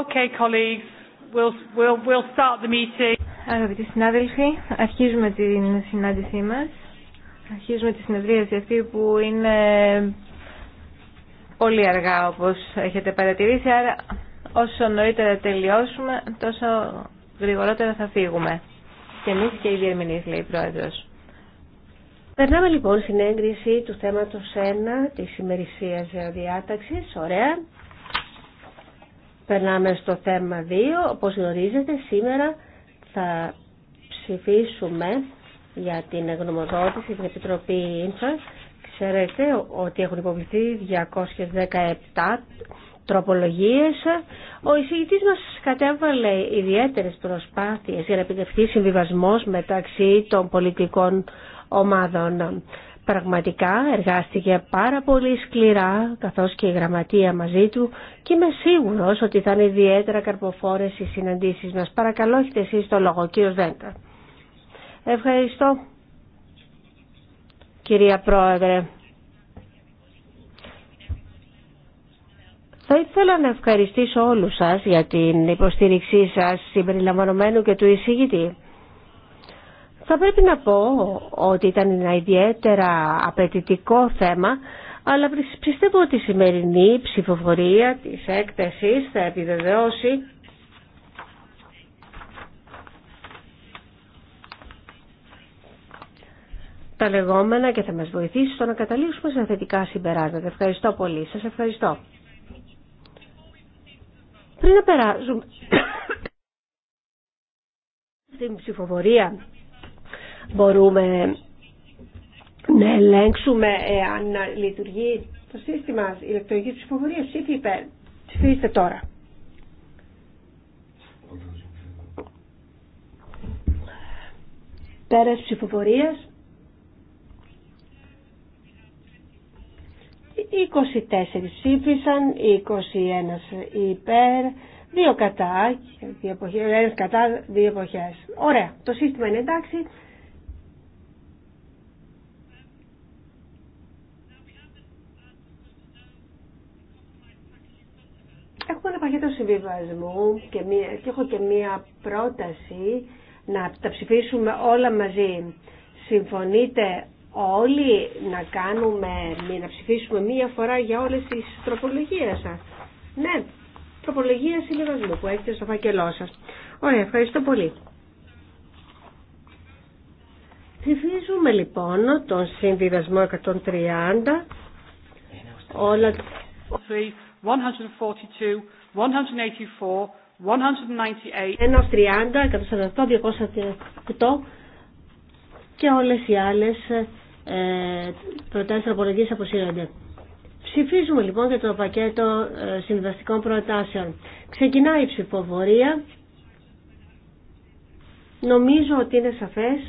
Okay, colleagues. we'll start the meeting. Αγαπητοί συνάδελφοι, αρχίζουμε την συνάντησή μας. Αρχίζουμε τη συνεδρίαση αυτή που είναι πολύ αργά όπως έχετε παρατηρήσει, άρα όσο νωρίτερα τελειώσουμε, τόσο γρηγορότερα θα φύγουμε. Και εμείς και οι διερμηνείς, λέει η Πρόεδρος. Περνάμε λοιπόν στην έγκριση του θέματος 1 της ημερησίας διάταξης. Ωραία. Περνάμε στο θέμα 2. Όπως γνωρίζετε σήμερα θα ψηφίσουμε για την γνωμοδότηση την Επιτροπή Ξέρετε ότι έχουν υποβληθεί 217 τροπολογίες. Ο εισηγητής μας κατέβαλε ιδιαίτερες προσπάθειες για να επιτευχθεί συμβιβασμός μεταξύ των πολιτικών ομάδων. Πραγματικά εργάστηκε πάρα πολύ σκληρά, καθώς και η γραμματεία μαζί του και είμαι σίγουρος ότι θα είναι ιδιαίτερα καρποφόρες οι συναντήσεις μας. Παρακαλώ, έχετε εσείς το λόγο, κύριο Δέντα. Ευχαριστώ, κυρία Πρόεδρε. Θα ήθελα να ευχαριστήσω όλους σας για την υποστήριξή σας συμπεριλαμβανομένου και του εισηγητή. Θα πρέπει να πω ότι ήταν ένα ιδιαίτερα απαιτητικό θέμα, αλλά πιστεύω ότι η σημερινή ψηφοφορία της έκτασης θα επιβεβαιώσει τα λεγόμενα και θα μας βοηθήσει στο να καταλήξουμε σε θετικά συμπεράσματα. Ευχαριστώ πολύ. Σας ευχαριστώ. Πριν να περάσουμε στην ψηφοφορία Μπορούμε να ελέγξουμε εάν λειτουργεί το σύστημα ηλεκτρονικής ψηφοφορίας. Ψήφι υπέρ. Ψηφίστε τώρα. Πέρας ψηφοφορίας. 24 ψήφισαν, 21 υπέρ, 2 κατά, 2 εποχές, 1 κατά, 2 εποχές. Ωραία, το σύστημα είναι εντάξει. πακέτο συμβιβασμού και, και έχω και μία πρόταση να τα ψηφίσουμε όλα μαζί. Συμφωνείτε όλοι να κάνουμε, να ψηφίσουμε μία φορά για όλες τις τροπολογίες σας. Ναι, τροπολογία συμβιβασμού που έχετε στο φακελό σας. Ωραία, ευχαριστώ πολύ. Ψηφίζουμε λοιπόν τον συμβιβασμό 130 όλα... 142 184, 198, 148, 208 και όλες οι άλλες προτάσει προτάσεις τροπολογίας αποσύρονται. Ψηφίζουμε λοιπόν για το πακέτο ε, συμβαστικών προτάσεων. Ξεκινάει η ψηφοφορία. Νομίζω ότι είναι σαφές.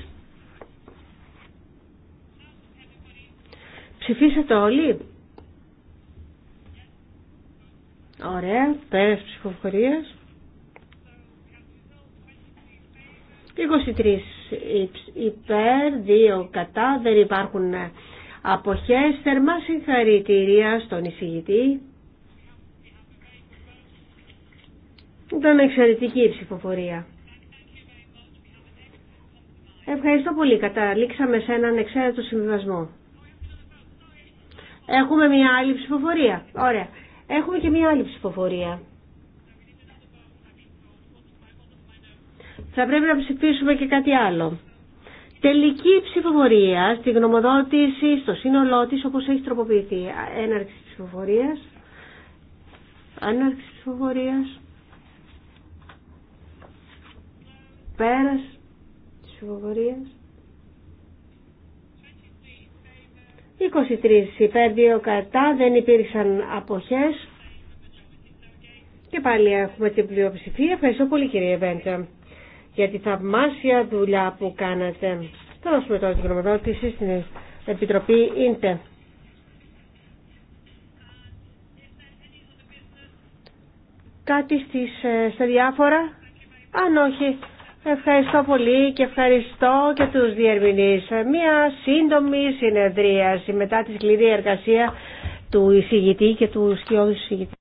Ψηφίσατε όλοι. Ωραία, πέρας ψηφοφορίας. 23 υπέρ, 2 κατά, δεν υπάρχουν αποχές. Θερμά συγχαρητήρια στον εισηγητή. Ήταν εξαιρετική η ψηφοφορία. Ευχαριστώ πολύ. Καταλήξαμε σε έναν εξαίρετο συμβιβασμό. Έχουμε μια άλλη ψηφοφορία. Ωραία. Έχουμε και μία άλλη ψηφοφορία. Θα πρέπει να ψηφίσουμε και κάτι άλλο. Τελική ψηφοφορία στη γνωμοδότηση, στο σύνολό τη, όπω έχει τροποποιηθεί. Έναρξη ψηφοφορία. Έναρξη ψηφοφορία. Πέρα ψηφοφορία. 23 υπέρ 2 δεν υπήρξαν αποχές και πάλι έχουμε την πλειοψηφία. Ευχαριστώ πολύ κύριε Βέντε για τη θαυμάσια δουλειά που κάνατε. Θα δώσουμε τώρα την γνωμοδότηση στην Επιτροπή Ίντε. Κάτι στις, ε, στα διάφορα. Αν όχι, Ευχαριστώ πολύ και ευχαριστώ και τους διερμηνείς. Μία σύντομη συνεδρίαση μετά τη σκληρή εργασία του εισηγητή και του σκιώδου εισηγητή.